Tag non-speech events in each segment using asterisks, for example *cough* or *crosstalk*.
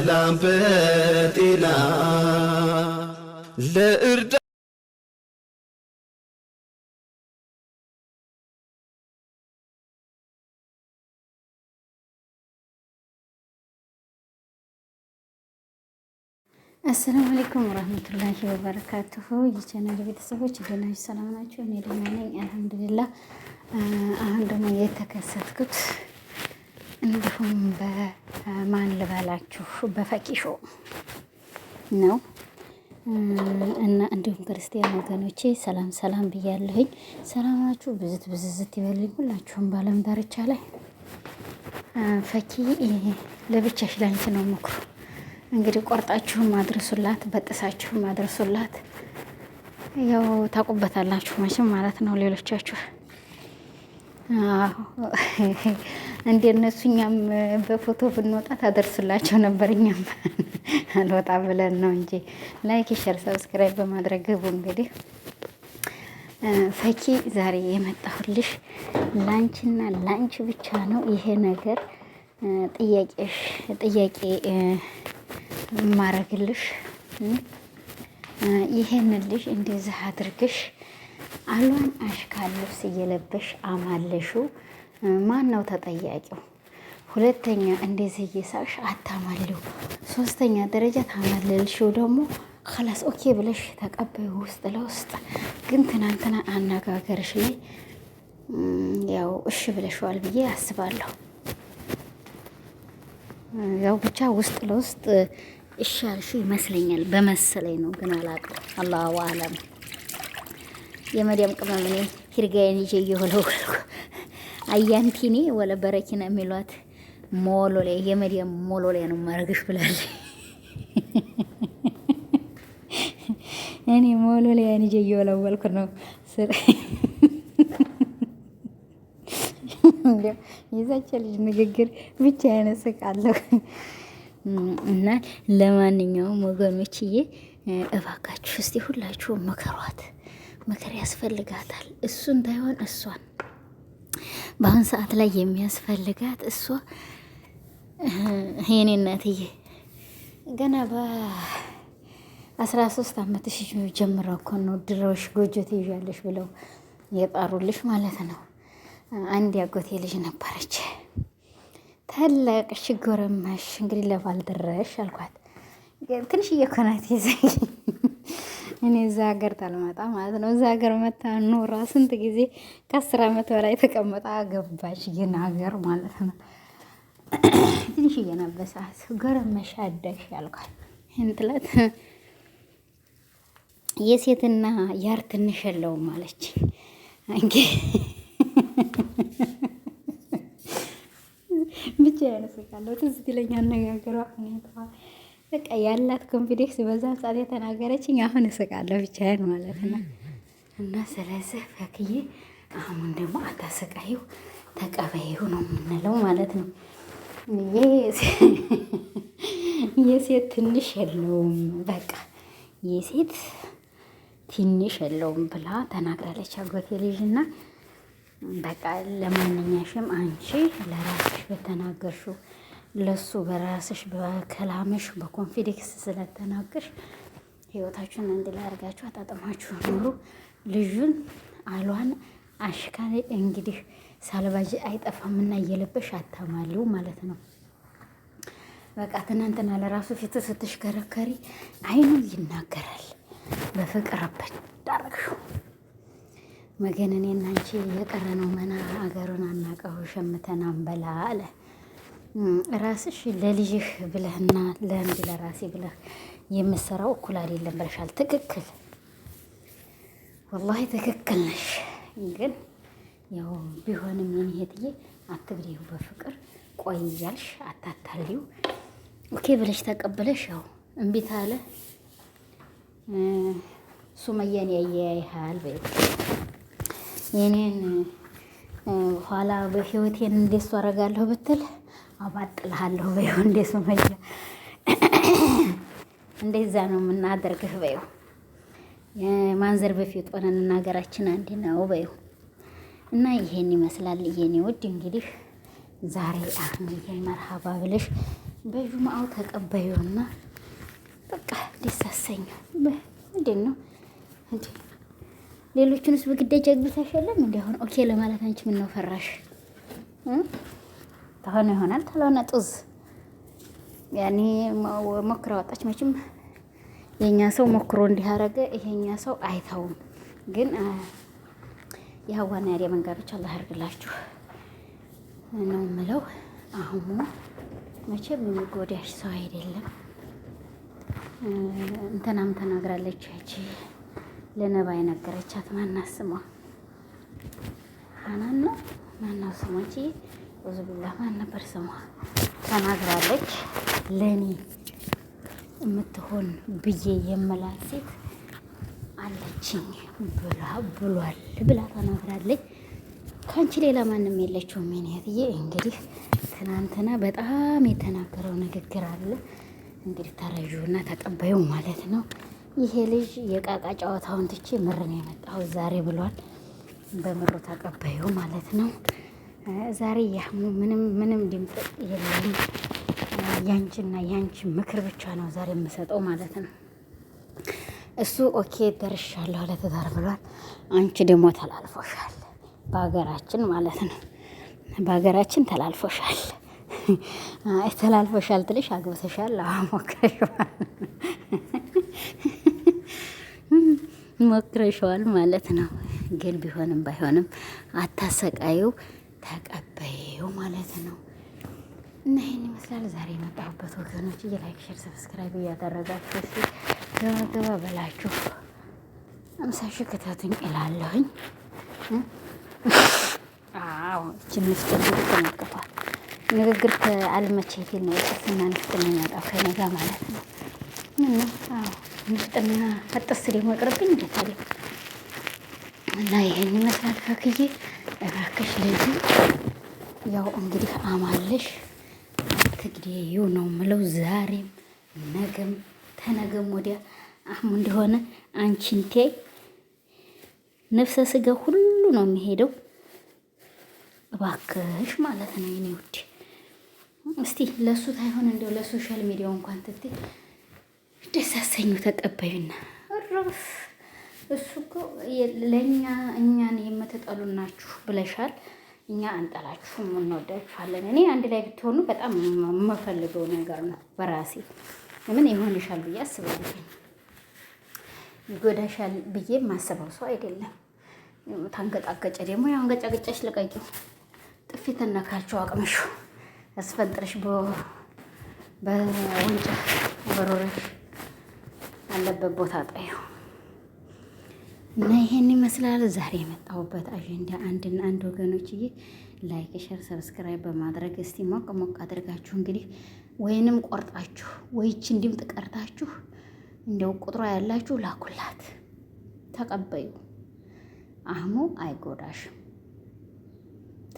በሰላም በጤና ለእርዳ አሰላሙ አለይኩም ወራህመቱላሂ ወበረካቱሁ። የቻናል ቤተሰቦች ደህና ናችሁ? ሰላም ናችሁ? እኔ ደህና ነኝ፣ አልሐምዱሊላህ። አሁን ደግሞ የተከሰትኩት እንዲሁም በማን ልበላችሁ ሾ ነው እና እንዲሁም ክርስቲያን ወገኖቼ ሰላም ሰላም ብያለሁኝ። ሰላማችሁ ብዝት ብዝዝት ይበልኝ ሁላችሁም ባለም ዳርቻ ላይ። ፈኪ ለብቻሽ ላንቺ ነው ምክሩ። እንግዲህ ቆርጣችሁም አድርሱላት፣ በጥሳችሁም አድርሱላት። ያው ታቁበታላችሁ መቼም ማለት ነው ሌሎቻችሁ እንደነሱ እኛም በፎቶ ብንወጣ ታደርስላቸው ነበር። እኛም *laughs* አልወጣ ብለን ነው እንጂ ላይክ፣ ሸር፣ ሰብስክራይብ በማድረግ ግቡ። እንግዲህ ፈኪ ዛሬ የመጣሁልሽ ላንችና ላንች ብቻ ነው ይሄ ነገር ጥያቄሽ ጥያቄ ማረግልሽ ይሄን ልጅ እንደዚህ አድርግሽ አሏን አሽካ ልብስ እየለበሽ አማለሹ ማን ነው ተጠያቂው? ሁለተኛ እንደዚህ እየሳቅሽ አታማልው። ሶስተኛ ደረጃ ታማልልሽው ደግሞ ከላስ ኦኬ ብለሽ ተቀበዩ ውስጥ ለውስጥ ግን ትናንትና አነጋገርሽ ላይ ያው እሺ ብለሽዋል ብዬ አስባለሁ። ያው ብቻ ውስጥ ለውስጥ እሺ አልሽ ይመስለኛል። በመሰለኝ ነው ግን አላውቅም። አላሁ አለም የመዲያም ቅመም እኔ ሂርጋዬን ይዤ እየወለወልኩ አያንቲኔ ወለ በረኪና የሚሏት ሞሎ ላይ የመዲያም ሞሎ ነው ማረግሽ ብላለች። እኔ ሞሎ ላይ አንጀ እየወለወልኩ ነው ስር የዛች ልጅ ንግግር ብቻ ያነስቃለሁ። እና ለማንኛውም ወገኖችዬ እባካችሁ እስቲ ሁላችሁ ምከሯት፣ ምክር ያስፈልጋታል። እሱን ባይሆን እሷን በአሁን ሰዓት ላይ የሚያስፈልጋት እሷ የኔ እናትዬ ገና በአስራ ሶስት ሽ ጀምረው እኮ ነው ጎጆ ትይዣለሽ ብለው የጣሩልሽ ማለት ነው። አንድ ያጎቴ ልጅ ነበረች ታላቅሽ ሽጎረማሽ እንግዲህ ድረሽ አልኳት። ትንሽ እየኮናት ይዘኝ እኔ እዛ ሀገር ታልመጣ ማለት ነው። እዛ ሀገር መታ ኖራ ስንት ጊዜ ከአስር ዓመት በላይ ተቀመጣ ገባች፣ ግን ሀገር ማለት ነው። ትንሽዬ ነው በሰዓት ገረመሽ አደግሽ ያልኳል። እንትለት የሴትና ያር ትንሽ የለውም አለች። ብቻ ያነስቃለሁ ትዝ ይለኛል አነጋገሯ ሁኔታዋ በቃ ያላት ኮንፊደንስ በዛን ሰዓት የተናገረችኝ አሁን እስቃለሁ ብቻዬን ማለት ነው። እና ስለዚህ ፈክዬ አሁን ደግሞ አታሰቃዩ ተቀበይው ነው የምንለው ማለት ነው። የሴት ትንሽ የለውም በቃ የሴት ትንሽ የለውም ብላ ተናግራለች። አጎቴ ልጅ እና በቃ ለማንኛሽም አንቺ ለራስሽ በተናገርሽው ለሱ በራስሽ በከላምሽ በኮንፊደንስ ስለተናገርሽ ህይወታችሁን አንድ ላይ አድርጋችሁ አጣጥማችሁ ኑሩ። ልጁን አሏን አሽካሪ እንግዲህ ሳልባጅ አይጠፋም እና እየለበሽ አታማሊው ማለት ነው። በቃ ትናንትና ለራሱ ፊቱ ስትሽከረከሪ አይኑ ይናገራል። በፍቅር በዳረግሹ መገነኔና አንቺ የቀረነው መና አገሩን አናቀው ሸምተናም በላ አለ ራስሽ ለልጅህ ብለህና ለእንዲ ለራሴ ብለህ የምሰራው እኩል አይደለም ብለሻል። ትክክል፣ ወላሂ ትክክል ነሽ። ግን ያው ቢሆንም የኒሄትዬ አትግዴው በፍቅር ቆይ እያልሽ አታታልዩ። ኦኬ ብለሽ ተቀበለሽ። ያው እምቢት አለ ሱመያን ያያይሃል በ የኔን ኋላ በህይወቴን እንደሱ አደርጋለሁ ብትል አባጥልሃለሁ በይው። እንደ ሱመያ እንደዛ ነው የምናደርግህ በይው። የማንዘር በፊት ሆነን ሀገራችን አንድ ነው በይው። እና ይሄን ይመስላል የኔ ውድ እንግዲህ ዛሬ አህምዬን መርሃባ ብለሽ በጁማአው ተቀበዩና በቃ ደስ አሰኘ። ምንድን ነው እንዴ? ሌሎቹንስ በግዳጅ አግብታሽ የለም እንዲ አሁን ኦኬ ለማለት አንቺ ምን ነው ፈራሽ? ተሆነ ይሆናል ተለሆነ ጡዝ ያኔ ሞክራ ወጣች። መቼም የኛ ሰው ሞክሮ እንዲያረገ ይሄኛ ሰው አይተውም። ግን የሀዋና ያዲያ መንጋቢዎች አላህ ያርግላችሁ ነው ምለው። አሁኑ መቼም የሚጎዳሽ ሰው አይደለም። እንትናም ተናግራለች። ያቺ ለነባ የነገረቻት ማናት ስሟ? ሀናን ነው ማናት ስሟ? ብዙ ማን ነበር ስሟ ተናግራለች። ለእኔ የምትሆን ብዬ የምላት ሴት አለችኝ ብላ ብሏል ብላ ተናግራለች። ከአንቺ ሌላ ማንም የለችው ሜንያትዬ። እንግዲህ ትናንትና በጣም የተናገረው ንግግር አለ እንግዲህ ተረዥና ተቀባዩ ማለት ነው። ይሄ ልጅ የቃቃ ጨዋታውን ትቼ ምርን የመጣው ዛሬ ብሏል። በምሩ ተቀባዩ ማለት ነው። ዛሬ ያህሙ ምንም ምንም ድምፅ የለም። ያንቺና ያንቺ ምክር ብቻ ነው ዛሬ የምሰጠው ማለት ነው። እሱ ኦኬ ደርሻለሁ ለትዳር ብሏል። አንቺ ደግሞ ተላልፎሻል፣ በሀገራችን ማለት ነው። በሀገራችን ተላልፎሻል፣ ተላልፎሻል ትልሽ አግብተሻል፣ ሞክረሸዋል፣ ሞክረሸዋል ማለት ነው። ግን ቢሆንም ባይሆንም አታሰቃዩ። ተቀበይው ማለት ነው። እና ይህን ይመስላል ዛሬ የመጣሁበት ወገኖች፣ እየላይክ ሼር፣ ሰብስክራይብ እያደረጋችሁ ሲ ገባገባ በላችሁ አምሳ ሺህ ክተቱኝ እላለሁኝ። አዎ እችን ንግግር አልመቼ ፊል ነው ጥስና ንፍጥና የሚያውጣው ከነጋ ማለት ነው። ምነው ንፍጥና አጥስ ደግሞ ይቅርብኝ እንዴት እና ይሄን ይመስላል ከክዬ እባክሽ ልጅ ያው እንግዲህ አማለሽ አትግዴው ነው ምለው ዛሬም ነገም ተነገም ወዲያ አህሙ እንደሆነ አንቺንቴ ነፍሰ ስጋ ሁሉ ነው የሚሄደው። እባክሽ ማለት ነው የኔ ውድ እስቲ ለሱ ታይሆን እንደው ለሶሻል ሚዲያው እንኳን ትትይ ደሳሰኙ ተቀባዩና እሱ እኮ ለእኛ እኛን የምትጠሉ ናችሁ ብለሻል። እኛ አንጠላችሁም፣ እንወዳችኋለን። እኔ አንድ ላይ ብትሆኑ በጣም የምፈልገው ነገር ነው። በራሴ ምን ይሆንሻል ብዬ አስባለሁ። ይጎዳሻል ብዬ የማስበው ሰው አይደለም። ታንገጫገጨ ደግሞ ያው አንገጫገጨሽ፣ ልቀቂው። ጥፊ ትነካቸው፣ አቅምሹ፣ አስፈንጥረሽ በወንጫ በሮረሽ አለበት ቦታ ጠየው። እና ይሄን ይመስላል ዛሬ የመጣሁበት አጀንዳ አንድና አንድ ወገኖችዬ፣ ላይክ፣ ሸር፣ ሰብስክራይብ በማድረግ እስቲ ሞቅ ሞቅ አድርጋችሁ እንግዲህ ወይንም ቆርጣችሁ ወይች ድምፅ ቀርታችሁ እንደው ቁጥሯ ያላችሁ ላኩላት፣ ተቀበዩ። አህሙ አይጎዳሽ።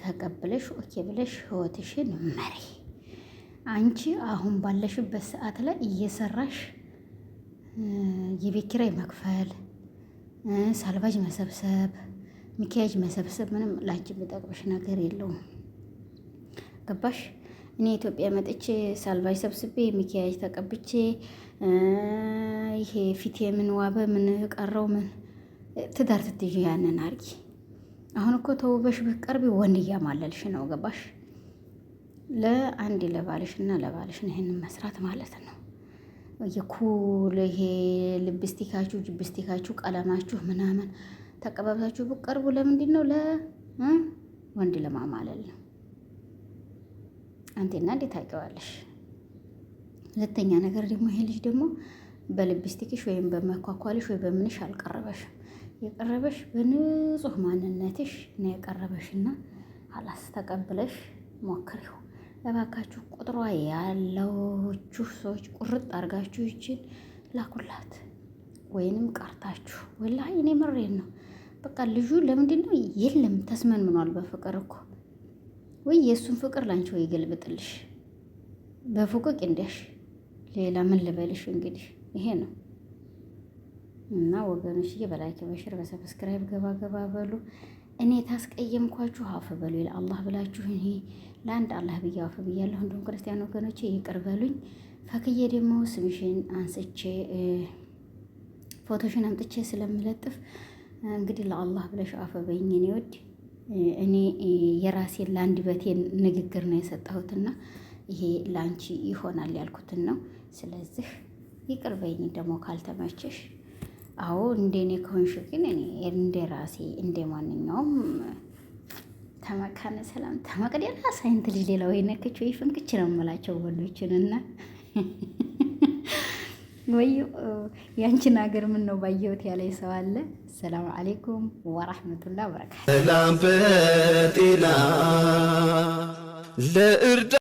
ተቀብለሽ ኦኬ ብለሽ ህይወትሽን መሪ። አንቺ አሁን ባለሽበት ሰዓት ላይ እየሰራሽ የቤት ኪራይ መክፈል ሳልቫጅ መሰብሰብ፣ ሚኪያጅ መሰብሰብ ምንም ላንቺ የሚጠቅምሽ ነገር የለውም። ገባሽ? እኔ ኢትዮጵያ መጥቼ ሳልቫጅ ሰብስቤ ሚኪያጅ ተቀብቼ ይሄ ፊት የምን ዋበ ምን ቀረው ምን ትዳር ትትዩ ያንን አርጊ። አሁን እኮ ተውበሽ ብትቀርቢ ወንድ እያማለልሽ ነው። ገባሽ? ለአንድ ለባልሽ እና ለባልሽ ነው ይህንን መስራት ማለት ነው። የኩል ይሄ ልብስቲካችሁ ጅብስቲካችሁ ቀለማችሁ ምናምን ተቀባብታችሁ ብቀርቡ ለምንድን ነው? ለወንድ ለማማለል ነው። አንቴና እንዴት ታውቂዋለሽ። ሁለተኛ ነገር ደግሞ ይሄ ልጅ ደግሞ በልብስቲክሽ ወይም በመኳኳልሽ ወይ በምንሽ አልቀረበሽም። የቀረበሽ በንጹህ ማንነትሽ ነው የቀረበሽና አላስ ተቀብለሽ ሞክሪው። እባካችሁ ቁጥሯ ያለዎችሁ ሰዎች ቁርጥ አድርጋችሁ ይችን ላኩላት ወይንም ቀርታችሁ። ወላሂ እኔ ምሬን ነው። በቃ ልጁ ለምንድን ነው የለም ምኗል በፍቅር እኮ ወይ የእሱን ፍቅር ላንቺ ወይ ገልብጥልሽ በፉቅቅ እንዲያሽ ሌላ ምን ልበልሽ እንግዲህ ይሄ ነው እና ወገኖችዬ፣ በላይክ በሽር በሰብስክራይብ ገባ ገባ በሉ። እኔ ታስቀየምኳችሁ አፍ በሉኝ ለአላህ ብላችሁ እኔ ለአንድ አላህ ብዬ አፍ ብያለሁ። እንዲሁም ክርስቲያን ወገኖቼ ይቅር በሉኝ። ፈክዬ ደግሞ ስምሽን አንስቼ ፎቶሽን አምጥቼ ስለምለጥፍ እንግዲህ ለአላህ ብለሽ አፍ በይኝ። እኔ ወድ እኔ የራሴን ለአንድ በቴ ንግግር ነው የሰጠሁትና ይሄ ለአንቺ ይሆናል ያልኩትን ነው። ስለዚህ ይቅር በይኝ ደግሞ ካልተመቸሽ አዎ እንደ እኔ ከሆንሽ ግን እኔ እንደ ራሴ እንደ ማንኛውም ተመካነ ሰላም ተመቅደላ አይነት ልጅ ሌላ ወይ ነክች ወይ ፍንክች ነው የምላቸው ወሎችን እና *laughs* ወይ ያንቺን ሀገር ምን ነው ባየሁት ያለ ሰው አለ። ሰላም አሌይኩም ወራህመቱላ በረካቱ ለእርዳ